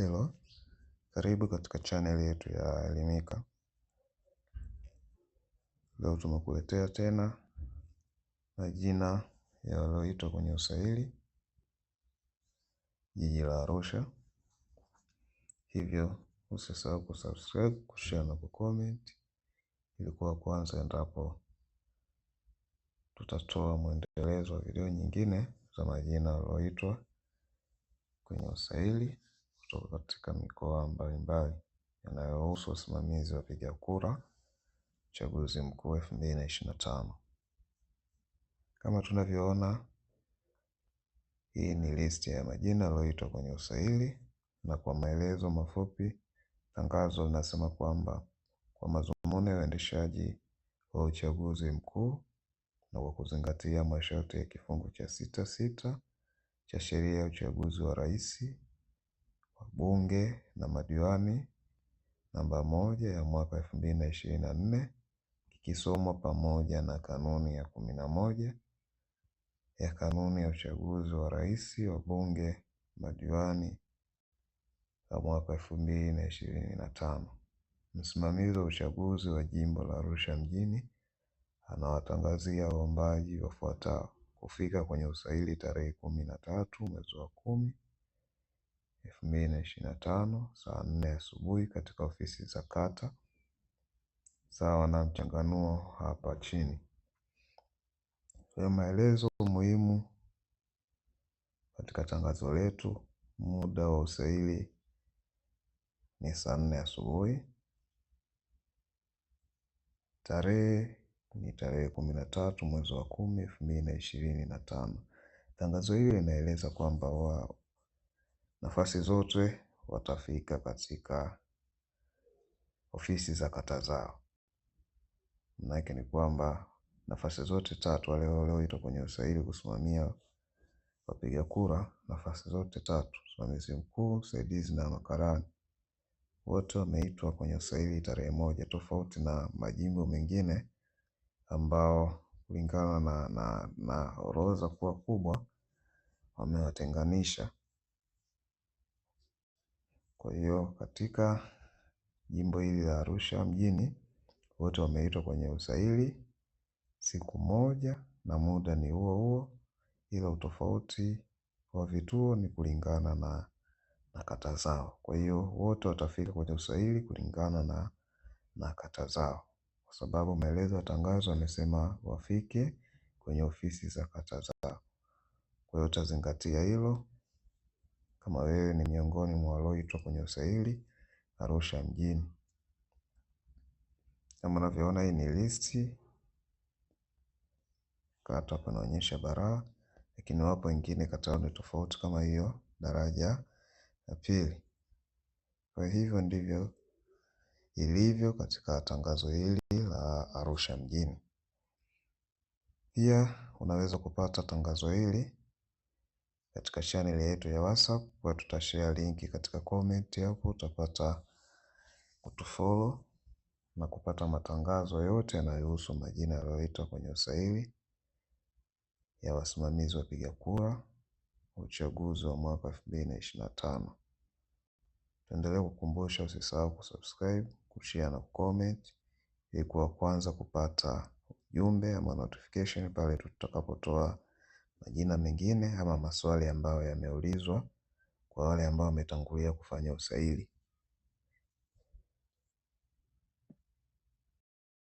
Hello, karibu katika chaneli yetu ya Elimika. Leo tumekuletea tena majina ya walioitwa kwenye usaili jiji la Arusha. Hivyo usisahau kusubscribe, kushare na kucomment ili kuwa kwanza endapo tutatoa mwendelezo wa video nyingine za majina walioitwa kwenye usaili kutoka katika mikoa mbalimbali yanayohusu wasimamizi wapiga kura uchaguzi mkuu elfu mbili na ishirini na tano. Kama tunavyoona hii ni list ya majina yaliyoitwa kwenye usaili, na kwa maelezo mafupi, tangazo linasema kwamba kwa mazumuni ya uendeshaji wa uchaguzi mkuu na kwa kuzingatia masharti ya kifungu cha sita sita cha sheria ya uchaguzi wa rais wabunge na madiwani namba moja ya mwaka elfu mbili na ishirini na nne kikisomwa pamoja na kanuni ya kumi na moja ya kanuni ya uchaguzi wa rais wabunge madiwani ya mwaka elfu mbili na ishirini na tano. Msimamizi wa uchaguzi wa jimbo la Arusha mjini anawatangazia waombaji wafuatao kufika kwenye usaili tarehe kumi na tatu mwezi wa kumi elfu mbili na ishirini na tano saa nne asubuhi katika ofisi za kata sawa na mchanganuo hapa chini. Kwa maelezo muhimu katika tangazo letu, muda wa usaili ni saa nne asubuhi. Tarehe ni tarehe kumi na tatu mwezi wa kumi elfu mbili na ishirini na tano. Tangazo hili linaeleza kwamba nafasi zote watafika katika ofisi za kata zao. Maanake ni kwamba nafasi zote tatu wale walioitwa kwenye usaili kusimamia wapiga kura, nafasi zote tatu, msimamizi mkuu, msaidizi na makarani, wote wameitwa kwenye usaili tarehe moja, tofauti na majimbo mengine ambao kulingana na, na, na orodha kuwa kubwa wamewatenganisha kwa hiyo katika jimbo hili la Arusha mjini wote wameitwa kwenye usaili siku moja na muda ni huo huo, ila utofauti wa vituo ni kulingana na, na kata zao. Kwa hiyo wote watafika kwenye usaili kulingana na, na kata zao, kwa sababu maelezo ya tangazo yamesema wafike kwenye ofisi za kata zao. Kwa hiyo utazingatia hilo kama wewe ni miongoni mwa walioitwa kwenye usaili Arusha mjini. Kama unavyoona hii ni listi kata, panaonyesha Baraa, lakini wapo wengine kata ni tofauti kama hiyo daraja la pili. Kwa hivyo ndivyo ilivyo katika tangazo hili la Arusha mjini. Pia unaweza kupata tangazo hili katika channel yetu ya WhatsApp kwa tutashare linki katika comment hapo, utapata kutufollow na kupata matangazo yote yanayohusu majina yaliyoitwa kwenye usaili ya wasimamizi wapiga kura uchaguzi wa mwaka elfu mbili tano. Tuendelee kukumbusha, usisahau kusubscribe, kushare na comment ili kuwa kwanza kupata ujumbe ama notification pale tutakapotoa Majina mengine ama maswali ambayo yameulizwa kwa wale ambao wametangulia kufanya usaili